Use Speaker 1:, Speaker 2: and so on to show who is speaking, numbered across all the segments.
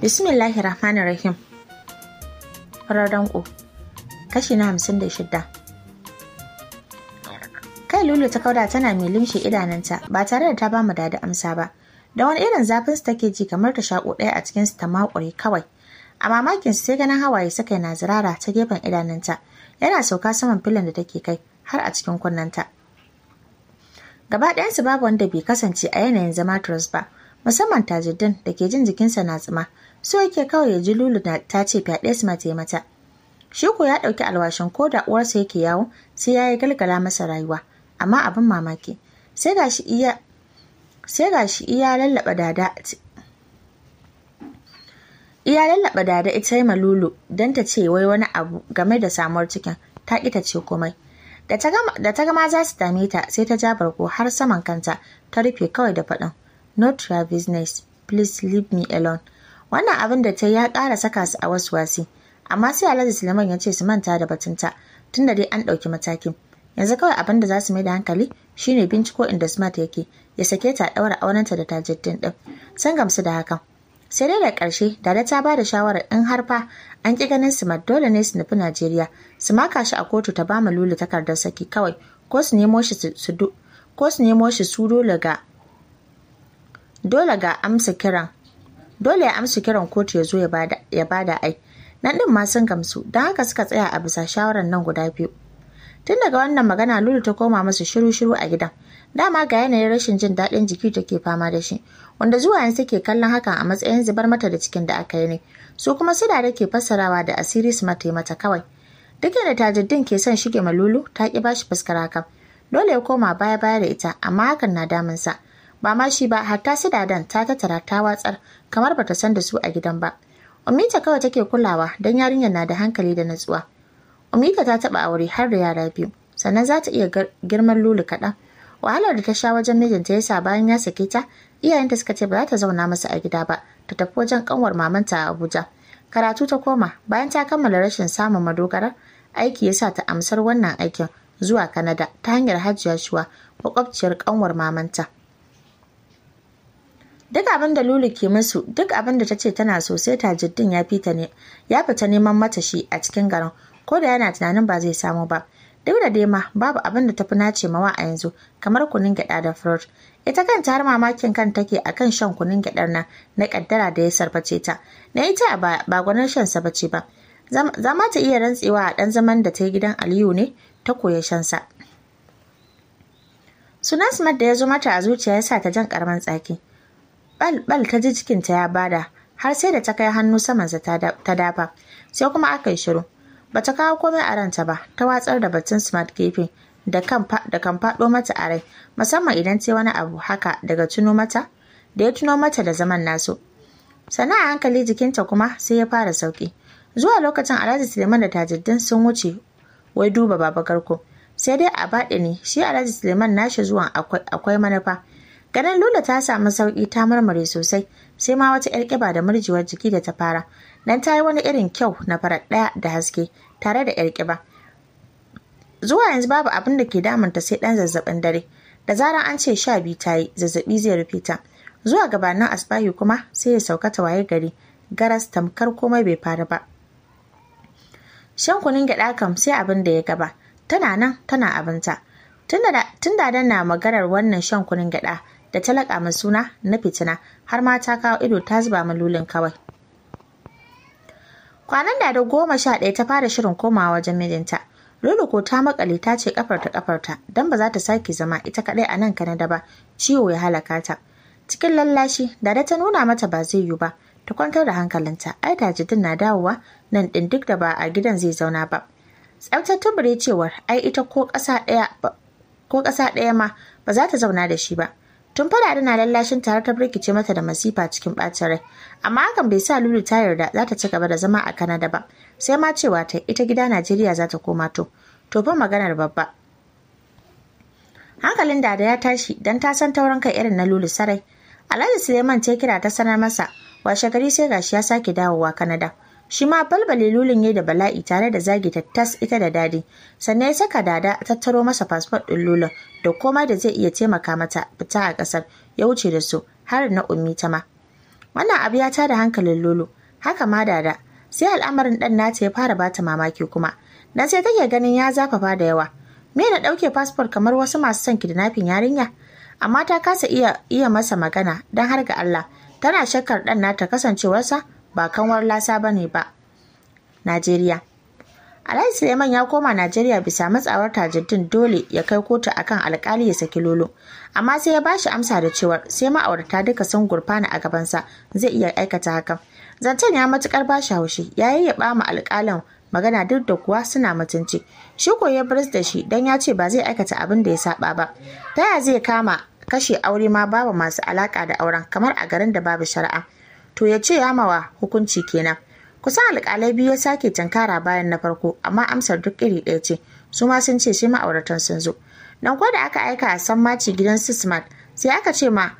Speaker 1: Bismillahir Rahmanir Rahim. Farar Kashi na hamsin da shidda. Kai Lulu ta kauda tana mai limshe idananta ba tare da ta ba mu da amsa ba. Da wani irin zafin su take ji kamar ta shaƙo ɗaya a cikin su ta maƙuri kawai. A mamakin sai ganin hawaye suka na zirara ta gefen idanunta. Yana sauka saman filin da take kai har a cikin kunnanta. Gaba ɗayansu babu wanda bai kasance a yanayin zama turus ba. musamman tajiddin da ke jin jikinsa na tsima so yake kawai ya ji lulu ta ce fyaɗe su mata mata shi ko ya ɗauki alwashin ko da uwarsa yake yawo sai ya yi galgala masa rayuwa amma abin mamaki sai ga shi iya sai ga shi iya lallaɓa dada iya lallaɓa dada ita yi malulu don ta ce wai wani abu game da samuwar cikin ta ƙi ta ce komai da ta gama za su dame ta sai ta ja barko har saman kanta ta rufe kawai da faɗin not your business please leave me alone wannan abin da ta ya kara saka su a wasu wasi amma sai alhaji suleiman ya ce su manta da batunta da dai an ɗauki matakin yanzu kawai abin da za su mai da hankali shine binciko inda smart yake ya sake ta ɗaura aurenta da tajaddin ɗin sun gamsu da hakan sai dai da ƙarshe dada ta ba da shawarar in har fa an ƙi ganin smart dole ne su nufi najeriya su maka shi a kotu ta bama lulu takardar saki kawai ko su nemo shi su ko su nemo shi su dole ga dole ga amsa kiran dole ya amsa kiran kotu ya zo ya bada ai nan din ma sun gamsu don haka suka tsaya a bisa shawarar nan guda biyu tun daga wannan magana lulu ta koma masu shiru-shiru a gidan dama ga yanayin rashin jin daɗin jiki ke fama da shi wanda zuwa yanzu ke kallon hakan a matsayin zubar mata da cikin da aka yi ne su kuma su da ke fassarawa da asiri su mata mata kawai duk da tajaddin ke son shige ma lulu ta ki bashi fuskar haka dole ya koma baya baya da ita amma hakan na damunsa ba ma shi ba hatta su dadan ta tattara ta watsar kamar bata san da su a gidan ba umita kawai take kulawa dan yarinyar na da hankali da natsuwa umita ta taba aure har da yara biyu sannan za ta iya girman lulu kaɗan wahalar da ta sha wajen mijinta yasa bayan ya sake ta iyayenta suka ce ba za ta zauna masa a gida ba ta tafi wajen kanwar mamanta a abuja karatu ta koma bayan ta kammala rashin samun madogara aiki yasa ta amsar wannan aikin zuwa Kanada ta hanyar Hajiya Shuwa, makwabciyar kanwar mamanta. duk abin da lulu ke musu duk abin da ta ce tana so sai jiddin ya fita ne ya fita neman mata shi a cikin garin ko da yana tunanin ba zai samu ba duk da dai ma babu abin da tafi nace mawa a yanzu kamar kunun gyada da fruit ita kanta har mamakin kan take akan shan kunun gyadar na, na kaddara da ya sarface ta na ita ba gwanin shan sa bace ba zama ta iya rantsewa a dan zaman da ta yi gidan Aliyu ne ta koya shan sa Smith da ya zo mata a zuciya ya sa ta jan karaman tsaki bal ta ji cikinta ya bada har sai da ta kai hannu samansa ta dafa sai kuma aka yi shiru ba ta kawo komai a ranta ba ta watsar da batun smart gefe da kan faɗo mata a rai musamman idan ce wani abu haka daga tuno mata da ya tuno mata da zaman nasu sana'a hankali jikinta kuma sai ya fara sauki zuwa lokacin alhaji suleiman da tajaddin sun wuce wai duba baba garko sai dai a baɗi ne shi alhaji suleiman nashi zuwan akwai manufa Ganin Lula ta samu sauƙi ta murmure sosai, sai ma wata ‘yar ƙiba da murjewar jiki da ta fara. nan ta yi wani irin kyau na farat ɗaya da haske, tare da ‘yar ƙiba. Zuwa yanzu babu abin da ke damunta sai ɗan zazzaɓin dare. Da zarar an ce sha biyu ta yi, zazzaɓi zai rufe ta. Zuwa gabanin asbahi kuma sai ya sauka ta waye gari, garas tamkar komai bai faru ba. Shan kunin gyaɗa kam sai abin da ya gaba, tana nan tana abinta. Tun da na maganar wannan shan kunin gyaɗa, da ta laƙa min suna na fitina har ma ta kawo ido ta zuba min lulin kawai kwanan da da goma sha ɗaya ta fara shirin komawa wajen mijinta Lulu ko ta maƙale ta ce kafarta kafarta don ba za ta sake zama ita kaɗai a nan Kanada ba ciwo ya halaka ta. Cikin lallashi da ta nuna mata ba zai yiwu ba ta kwantar da hankalinta ai da jidin na dawowa nan ɗin duk da ba a gidan zai zauna ba. Tsaftar cewar ai ita ko ƙasa ɗaya ko ƙasa ɗaya ma ba za ta zauna da shi ba tun fada tana lallashin tare ta birkice mata da masifa cikin ɓacin rai amma hakan bai sa lulu ta yarda za ta ci gaba da zama a kanada ba sai ma cewa ta ita gida najeriya za ta koma to to fa maganar babba hankalin dada ya tashi dan ta san taurin kai irin na lulu sarai alhaji suleiman ta kira ta sanar masa washe gari sai gashi ya sake dawowa kanada shi ma balbale lulun ya da bala'i tare da zagi ta tas ita da dadi sannan ya saka dada tattaro masa fasfot ɗin lulun da komai da zai iya taimaka mata fita a ƙasar ya wuce da su har na ummi ta ma wannan abu ya tada hankalin lulu haka ma dada sai al'amarin ɗan nata ya fara bata mamaki kuma dan sai take ganin ya zafafa da yawa me na ɗauke fasfot kamar wasu masu son kidnapping yarinya amma ta kasa iya iya masa magana dan har ga Allah tana shakkar ɗan nata kasancewarsa ba kanwar lasa ba ne ba najeriya alhaji suleiman ya koma najeriya bisa matsawar tajiddin dole ya kai kotu akan alkali ya saki lolo amma sai ya bashi amsa da cewa sai ma'aurata duka sun gurfana a gabansa zai iya aikata hakan zancen ya matukar bashi haushi ya yi yayyaba ma alkalin magana duk da kuwa suna mutunci shi ko ya bris da shi dan ya ce ba zai aikata abin da ya saba ba ta ya zai kama kashe aure ma babu masu alaka da auren kamar a garin da babu shari'a to ya ce ya yamawa hukunci kenan kusan alƙalai biyu ya sake tankara bayan na farko amma amsar duk iri ɗaya ce su ma sun ce shi ma'auratan sun zo nan ko da aka aika a san maci gidan sismat sai aka ce ma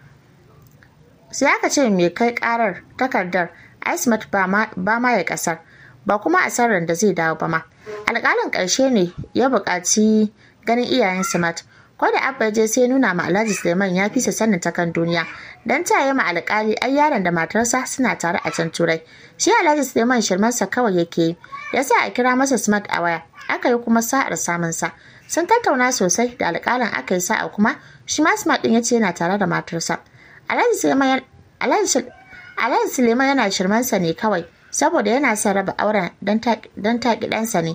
Speaker 1: sai aka ce mai kai karar takardar ismat ba ma ya kasar ba kuma a asarar da zai dawo ba ma alƙalin ƙarshe ne ya buƙaci ganin iyayen smart ko da abba je sai nuna ma alhaji suleiman ya fisa sanin kan duniya dan ta yi ma alƙali ai yaron da matarsa suna tare a can turai shi alhaji suleiman shirmansa kawai yake yi ya sa a kira masa smart a waya aka yi kuma sa'ar samun sa sun tattauna sosai da alƙalin aka yi sa'a kuma shi ma smart din ya yana tare da matarsa alhaji suleiman Alhaji Suleiman yana shirmansa ne kawai saboda yana son raba auren don taƙi ɗansa ne.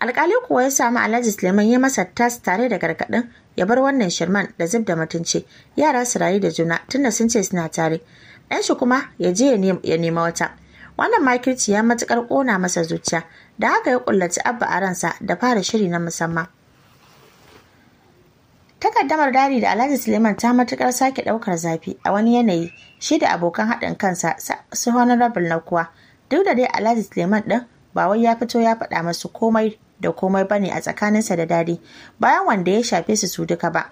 Speaker 1: alkali kuwa ya samu alhaji suleiman ya masa tas tare da gargaɗin ya bar wannan shirman da zub da mutunci yara su rayu da juna tunda sun ce suna tare ɗan shi kuma ya je ya nema wata wannan makirci ya matukar kona masa zuciya da haka ya kullaci abba a ransa da fara shiri na musamman takaddamar dari da alhaji suleiman ta matukar sake ɗaukar zafi a wani yanayi shi da abokan haɗin kansa su honorable na kuwa duk da dai alhaji suleiman ɗin ba wai ya fito ya faɗa masu komai da komai bane a tsakaninsa da dadi bayan wanda ya shafe su su duka ba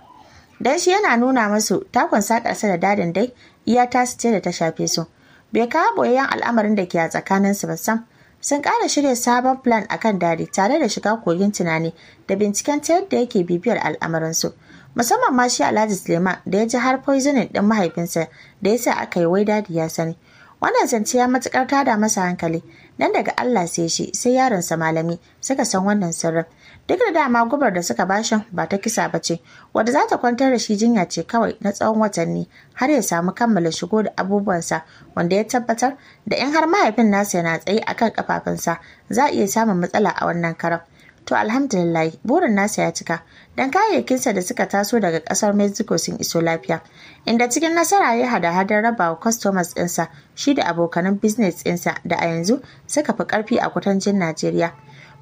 Speaker 1: dan shi yana nuna masu takon sakarsa da dadin dai iya su ce da ta shafe su bai kawo boyayyen al'amarin da ke a tsakaninsu ba sam sun kara shirya sabon plan akan dadi tare da shiga kogin tunani da binciken ta yadda yake bibiyar al'amuransu musamman ma shi alhaji suleiman da ya ji har poisoning ɗin mahaifinsa da ya sa aka yi wai dadi ya sani Wannan zance ya matukar tada masa hankali, nan daga Allah sai shi sai yaronsa malami suka san wannan sirrin. Duk da dama gubar da suka bashin ba ta kisa ba ce, wadda za ta kwantar da shi jinya ce kawai na tsawon watanni har ya samu kammala shigo da abubuwansa wanda ya tabbatar da in har mahaifin nasa yana tsaye akan kafafunsa za a iya samun matsala a wannan karan. to alhamdulillah burin nasa ya cika Don kayayyakinsa da suka taso daga kasar mexico sun iso lafiya inda cikin nasara ya hada hadar raba wa customers ɗinsa shi da abokanan business ɗinsa da a yanzu suka fi karfi a kudancin najeriya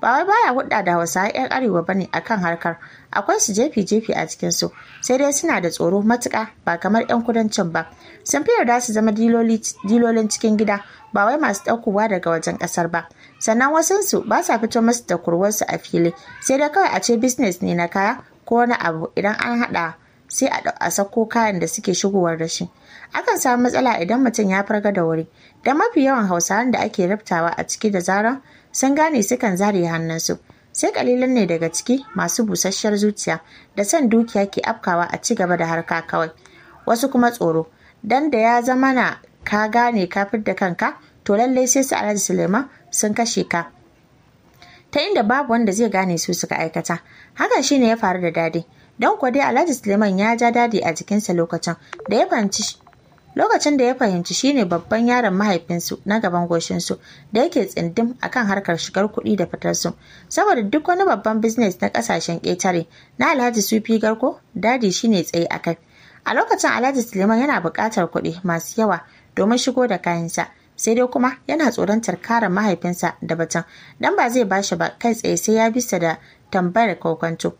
Speaker 1: ba wai baya hudda da wasu 'yar arewa bane akan harkar akwai su jefi jefi a cikin su sai dai suna da tsoro matuka ba kamar yan kudancin ba sun fi yarda su zama dilolin cikin gida ba wai masu ɗaukowa daga wajen ƙasar ba sannan wasansu ba sa fito masu da kurwarsu a fili sai dai kawai a ce business ne na kaya ko wani abu idan an haɗa sai a sako kayan da suke shigowar da shi akan samu matsala idan mutum ya farga da wuri da mafi yawan hausawan da ake raftawa a ciki da zaran sun gane sukan zare hannunsu sai kalilan ne daga ciki masu busasshiyar zuciya da son dukiya ke afkawa a ci gaba da harka kawai wasu kuma tsoro dan da ya zama na ka gane kafin da kanka to lallai sai su alhaji suleiman sun kashe ka ta inda babu wanda zai gane su suka aikata hakan shine ya faru da dadi don kuwa dai alhaji suleiman ya ja dadi a jikinsa lokacin da ya fahimci lokacin da ya fahimci shine babban yaron mahaifinsu na gaban goshinsu da yake tsindim akan harkar shigar kuɗi da fitarsu saboda duk wani babban biznes na ƙasashen ƙetare na alhaji sufi garko dadi shine tsaye a kai a lokacin alhaji suleiman yana buƙatar kuɗi masu yawa domin shigo da kayansa sai dai kuma yana tsoron tarkarar mahaifinsa da batun, dan ba zai bashi ba kai tsaye sai ya bisa da tambayar kokonto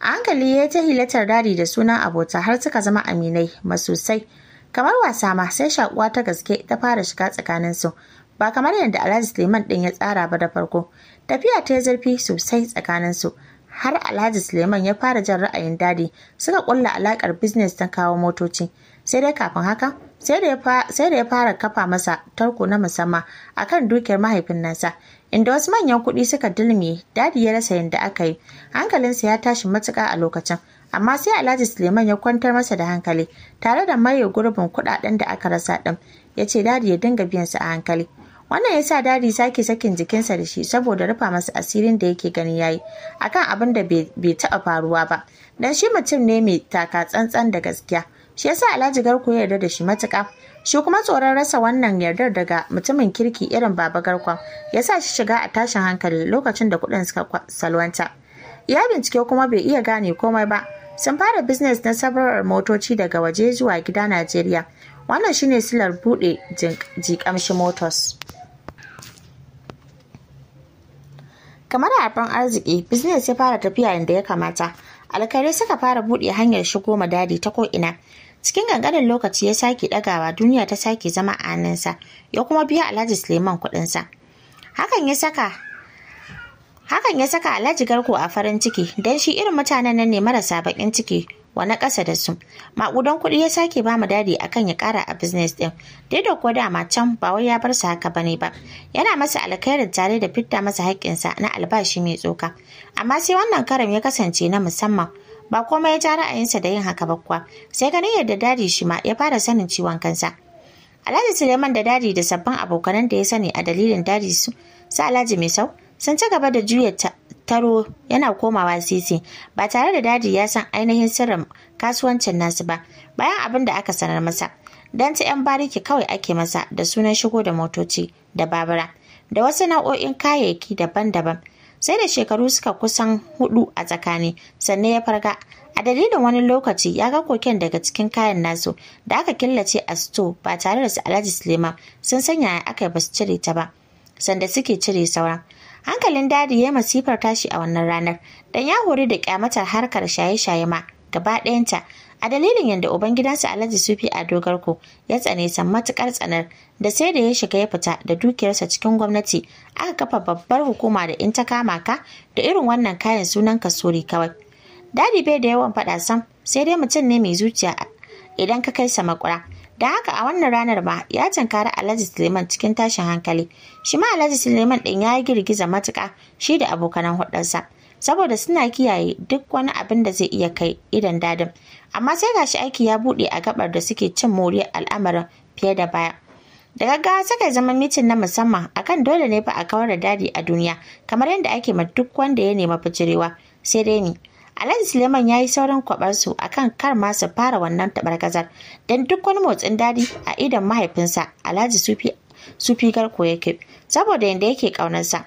Speaker 1: a hankali ya ta hilatar dadi da sunan abota har suka zama aminai masosai kamar wasa ma sai shakuwa ta gaske ta fara shiga tsakaninsu ba kamar yadda alhaji suleiman din ya tsara ba da farko tafiya ta yi zurfi sosai su har alhaji suleiman ya fara jan ra'ayin dadi suka kulla alakar biznes ta kawo motoci sai dai kafin haka sai da ya fara kafa masa tarko na musamman akan dukiyar mahaifin nasa inda wasu manyan kuɗi suka dulme dadi ya rasa yadda aka yi hankalinsa ya tashi matuka a lokacin amma sai alhaji suleiman ya kwantar masa da hankali tare da maye gurbin kuɗaɗen da aka rasa ɗin ya ce dadi ya dinga biyan su a hankali wannan ya sa dadi sake sakin jikinsa da shi saboda rufa masa asirin da yake gani yayi akan abin da bai taɓa faruwa ba dan shi mutum ne mai taka tsantsan da gaskiya shi yasa Alhaji Garko ya yarda da shi matuƙa shi kuma tsoron rasa wannan yardar daga mutumin kirki irin Baba Garkon ya sa shi shiga a tashin hankali lokacin da kuɗin suka salwanta ya bincike kuma bai iya gane komai ba sun fara biznes na sabarar motoci daga waje zuwa gida Najeriya wannan shine silar buɗe jikamshi motors kamar abin arziki business ya fara tafiya inda ya kamata alƙalai suka fara buɗe hanyar shigo ma dadi ta ko'ina cikin gangarin lokaci ya sake ɗagawa duniya ta sake zama a hannunsa ya kuma biya alhaji suleiman kuɗinsa hakan ya saka hakan ya saka alhaji garko a farin ciki don shi irin mutanen nan ne marasa baƙin ciki Wani ƙasa da su maƙudan kuɗi ya sake ba mu dadi akan ya ƙara a business ɗin dai da kuwa dama can ba wai ya bar sa haka bane ba yana masa alkhairin tare da fitta masa haƙƙinsa na albashi mai tsoka amma sai wannan karam ya kasance na musamman ba komai ya ja ra'ayinsa da yin haka ba kuwa sai ganin yadda dadi shi ma ya fara sanin ciwon kansa Alhaji Suleiman da dadi da sabbin abokanan da ya sani a dalilin dadi su sa Alhaji Mai Sau sun ci gaba da juya taro yana komawa sisi ba tare da daji ya san ainihin sirrin kasuwancin nasu ba bayan abin da aka sanar masa don ta 'yan bariki kawai ake masa da sunan shigo da motoci da babura da wasu nau'o'in kayayyaki daban-daban sai da shekaru suka kusan hudu a tsakani sannan ya farga a dalilin wani lokaci ya ga koken daga cikin kayan nasu da aka killace a sto ba tare da su alhaji suleiman sun sanya aka ba su cire ta ba sanda suke cire sauran Hankalin dadi ya yi masifar tashi a wannan ranar, dan ya hori da kyamatar harkar shaye-shaye ma gaba ɗayanta. A dalilin yadda Ubangidansa Alhaji Sufi a Dogarko ya tsane san matukar tsanar da sai da ya shiga ya fita da dukiyarsa cikin gwamnati aka kafa babbar hukuma da in ta kama ka da irin wannan kayan sunan ka kawai. Dadi bai da yawan faɗa sam sai dai mutum ne mai zuciya idan ka kai sa makura. Da haka a wannan ranar ma ya cankari Alhaji Suleiman cikin tashin hankali. Shi ma Alhaji Suleiman ɗin ya yi girgiza matuka, shi da abokanan hudarsa. Saboda suna kiyaye duk wani abin da zai iya kai idan dadin. Amma sai ga shi aiki ya buɗe a gaɓar da suke cin moriyar al'amarin fiye da baya. Da gaggawa suka zama mitin na musamman akan dole ne ba a kawar da dadi a duniya kamar yadda ake ma duk wanda ya nema bijirewa sai dai ni. Alhaji Suleiman ya yi sauran kwabar su kan kar ma su fara wannan tabargazar don duk wani motsin dadi a idon mahaifinsa Alhaji Sufi Sufi Garko yake saboda yanda yake kaunarsa.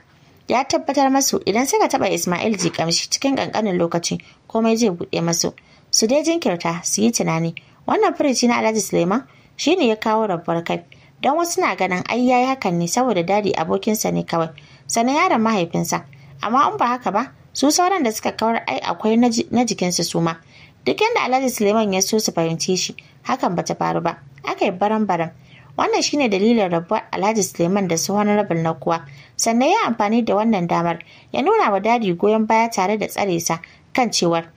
Speaker 1: Ya tabbatar masu idan suka taba Ismail ji kamshi cikin kankanin lokaci komai zai buɗe masu. Su dai jinkirta su yi tunani. Wannan firinci na Alhaji Suleiman ne ya kawo rabuwar kai. Don wasu na ganin ai yayi hakan ne saboda dadi abokinsa ne kawai. Sannan yaron mahaifinsa. Amma in ba haka ba, su sauran da suka kawar ai akwai na jikinsu su ma duk yadda alhaji suleiman ya so su fahimce shi hakan bata faru ba aka yi baran baran wannan shine dalilin rabuwar alhaji suleiman da su honorable na kuwa sannan ya amfani da wannan damar ya nuna wa dadi goyon baya tare da tsare sa kan cewar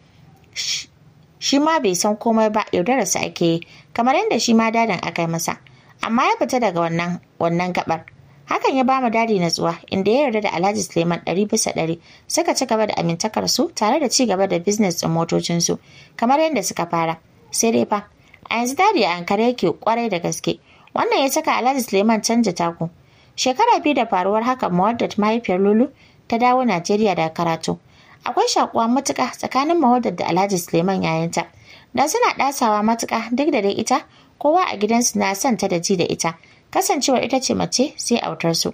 Speaker 1: shi ma bai san komai ba yaudararsa ake yi kamar yadda shi ma dadin aka yi masa amma ya fita daga wannan wannan gabar hakan ya ba mu dadi natsuwa inda ya yarda da alhaji suleiman ɗari bisa ɗari suka ci gaba da amintakar su tare da ci gaba da biznes ɗin su kamar yadda suka fara sai dai fa a yanzu dadi a ankara yake kwarai da gaske wannan ya saka alhaji suleiman canja taku shekara biyu da faruwar hakan Muwaddat mahaifiyar lulu ta dawo najeriya da karatu akwai shakuwa matuƙa tsakanin Muwaddat da alhaji suleiman yayinta da suna ɗasawa matuƙa duk da dai ita kowa a gidansu na son ta da ji da ita kasancewar ita ce mace sai autar su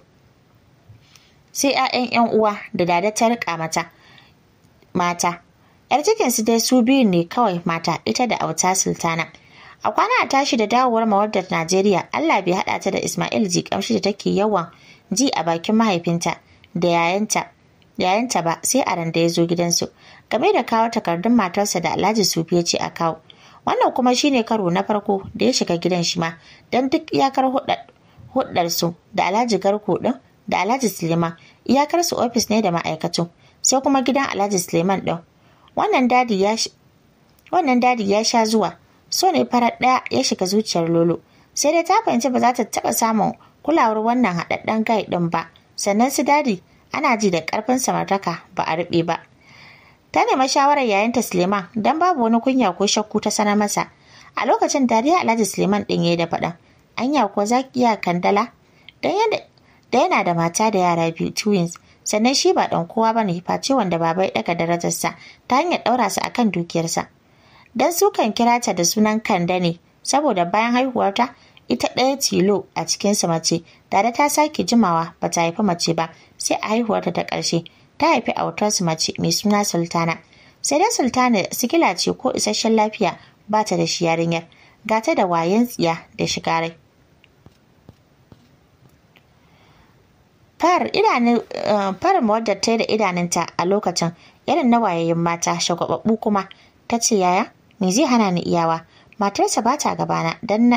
Speaker 1: sai 'ya'yan 'yan uwa da dada ta rika mata mata yar su dai su biyu ne kawai mata ita da auta sultana a kwana a tashi da dawowar mawaddar najeriya allah bai haɗa ta da ismail ji kamshi da take yawan ji a bakin mahaifinta da yayanta yayanta ba sai a randa ya zo gidansu game da kawo takardun matarsa da alhaji sufi ya ce a kawo wannan kuma shine karo na farko da ya shiga gidan shi ma don duk iyakar su da alhaji garko din da alhaji suleiman iyakar su ofis ne da ma'aikatu sai kuma gidan alhaji suleiman din wannan dadi ya wannan dadi ya sha zuwa so ne farar ɗaya ya shiga zuciyar lolo sai dai ta fahimci ba za ta taɓa samun kulawar wannan haɗaɗɗen gai din ba sannan su dadi ana ji da ƙarfin samartaka ba a ruɓe ba ta nemi shawarar yayanta Suleiman don babu wani kunya ko shakku ta sanar masa a lokacin dariya Alhaji Suleiman din yi da faɗan anya ko za ki iya kandala da yana da mata da yara biyu twins sannan shi ba ɗan kowa ba ne, face wanda baba ya ɗaga darajarsa ta hanyar ɗaura su a kan dukiyarsa dan su kan kira ta da sunan kanda ne saboda bayan haihuwarta ita ɗaya tilo a cikinsa mace tare ta sake jimawa ba ta haifi mace ba sai a haihuwarta ta ƙarshe ta haifi su mace mai suna sultana sai dai sultana sikila ce ko isasshen lafiya ba ta da shi yarinyar gata da wayan tsiya da shigarai. rai far idanun eh, far mawadar ta da idanunta a lokacin irin na wayayin mata shagwababbu kuma ta ce yaya me zai hana ni iyawa matarsa ba ta gabana don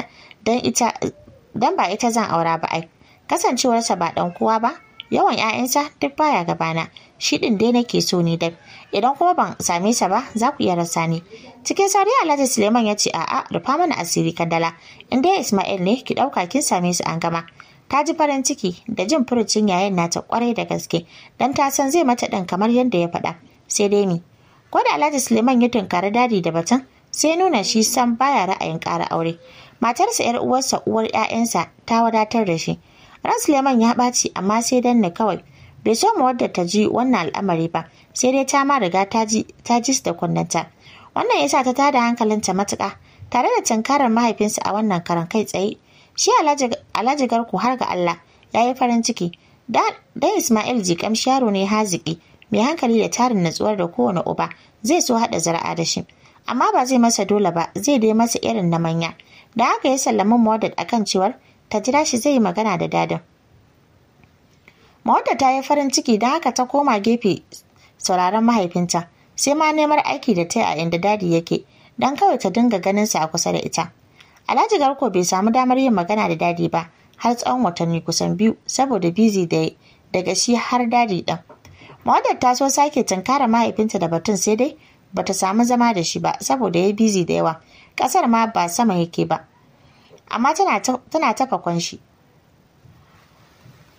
Speaker 1: don ba ita zan aura ba ai kasancewarsa ba dan kowa ba yawan 'ya'yansa duk baya gabana shi ɗin dai nake so ne dai idan kuma ban same sa ba za ku iya rasa ni cikin sauri alhaji suleiman ya ce a'a rufa mana asiri kadala in dai ismail ne ki ɗauka kin same su an gama ta ji farin ciki da jin furucin yayin nata kwarai da gaske dan ta san zai mata ɗin kamar yadda ya faɗa sai dai ni ko da alhaji suleiman ya tunkari dadi da batun sai nuna shi san baya ra'ayin ƙara aure matarsa yar uwarsa uwar 'ya'yansa ta wadatar da shi ran suleiman ya ɓaci amma sai danne kawai bai so mu wadda ta ji wannan al'amari ba sai dai ta ma riga ta ji su da kunnanta wannan yasa ta tada hankalinta matuƙa tare da tunkarar mahaifinsa a wannan karan kai tsaye shi alhaji garku har ga Allah ya yi farin ciki dan Ismail jikam sharo ne haziki mai hankali da tarin natsuwar da kowane uba zai so haɗa zara'a da shi amma ba zai masa dole ba zai dai masa irin na manya da haka ya sallama wadda akan cewar ta jira shi zai yi magana da dadin Mawata ta yi farin ciki da haka ta koma gefe sauraron mahaifinta sai ma neman aiki da ta yi a inda dadi yake don kawai ta dinga ganin sa a kusa da ita. Alhaji Garko bai samu damar yin magana da dadi ba har tsawon watanni kusan biyu saboda bizi da daga shi har dadi ɗan. Mawadar ta so sake tunkara mahaifinta da batun sai dai ba ta samu zama da shi ba saboda ya bizi da yawa ƙasar ma ba sama yake ba. Amma tana tafa kwanshi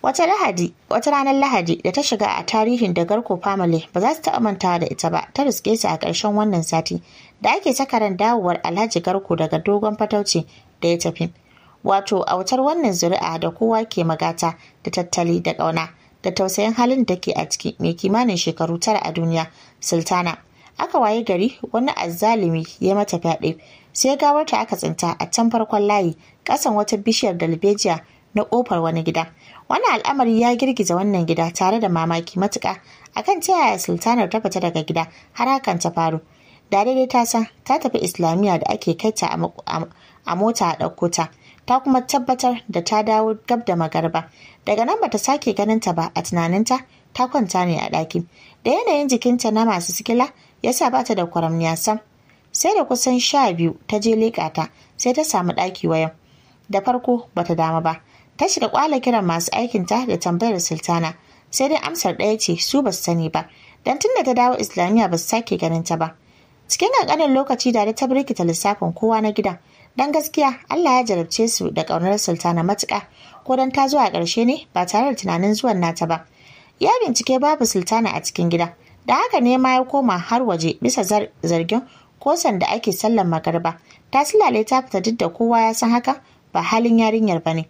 Speaker 1: Wata Lahadi, wata ranar Lahadi da ta shiga a tarihin da Garko family ba za su taɓa mantawa da ita ba, ta riske su a ƙarshen wannan sati da ake sakaran dawowar Alhaji Garko daga dogon fatauci da ya tafi. Wato a wutar wannan zuri'a da kowa ke magata da tattali da ƙauna da tausayin halin da ke a ciki mai kimanin shekaru tara a duniya, Sultana. Aka waye gari wani azzalumi ya mata fyaɗe sai gawarta aka tsinta a can farkon layi ƙasan wata bishiyar dalbejiya na ƙofar wani gida. Wani al'amari ya girgiza wannan gida tare da mamaki matuƙa akan ta yaya sultanar ta fita daga gida har hakan ta faru. Da daidai ta san ta tafi Islamiyya da ake kai ta a mota a ɗauko ta. Ta kuma tabbatar da ta dawo gab da magarba. Daga nan bata sake ganin ta ba a tunaninta ta kwanta ne a ɗaki. Da yanayin jikinta na masu sikila ya sa bata da kwaramniya sam. Sai da kusan sha biyu ta je leƙa ta sai ta samu ɗaki wayan. Da farko bata dama ba. ta shiga kwala kiran masu aikinta da tambayar sultana sai dai amsar ɗaya ce su ba sani ba don tun da ta dawo islamiyya ba su sake ganin ta ba cikin ƙanƙanin lokaci da ta birkita lissafin kowa na gidan don gaskiya allah ya jarabce su da ƙaunar sultana matuƙa ko don ta zuwa ƙarshe ne ba tare da tunanin zuwan nata ba ya bincike babu sultana a cikin gida da haka ne ma ya koma har waje bisa zargin kosan da ake sallan magarba ta silale ta fita duk da kowa ya san haka ba halin yarinyar ba ne.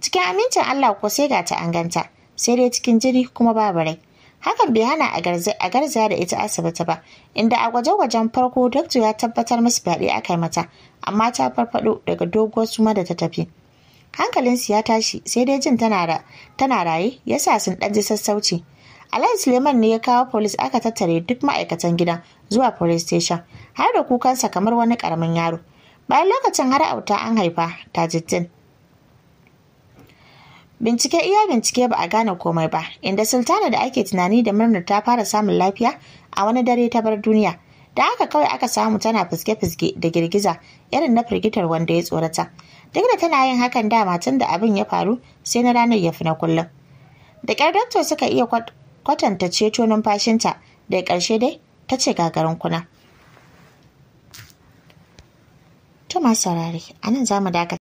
Speaker 1: Cikin amincin Allah ko sai ga ta an ganta, sai dai cikin jiri kuma babu rai. Hakan bai hana a garza da ita asibiti ba, inda a gwaje-gwajen farko dakto ya tabbatar musu fyaɗe aka yi mata, amma ta farfaɗo daga doguwar suma da ta tafi. Hankalin Hankalinsu ya tashi sai dai jin tana raye ya sa sun ɗan ji sassauci. Alhaji Suleiman ne ya kawo polis aka tattare duk ma'aikatan gidan zuwa police station har da kukansa kamar wani karamin yaro. Bayan lokacin har auta an haifa tajiddin Bincike iya bincike ba a gane komai ba, inda Sultana da ake tunani da murnar ta fara samun lafiya a wani dare ta bar duniya. Da haka kawai aka samu tana fiske-fiske da girgiza irin na firgitar wanda ya tsorata. Duk da tana yin hakan dama tun da abin ya faru sai na ranar ya fi na kullum. Da ƙyar doktor suka iya kwatanta ceto numfashinta da ƙarshe dai ta ce gagarin kuna. Tuma saurare, za mu dakata.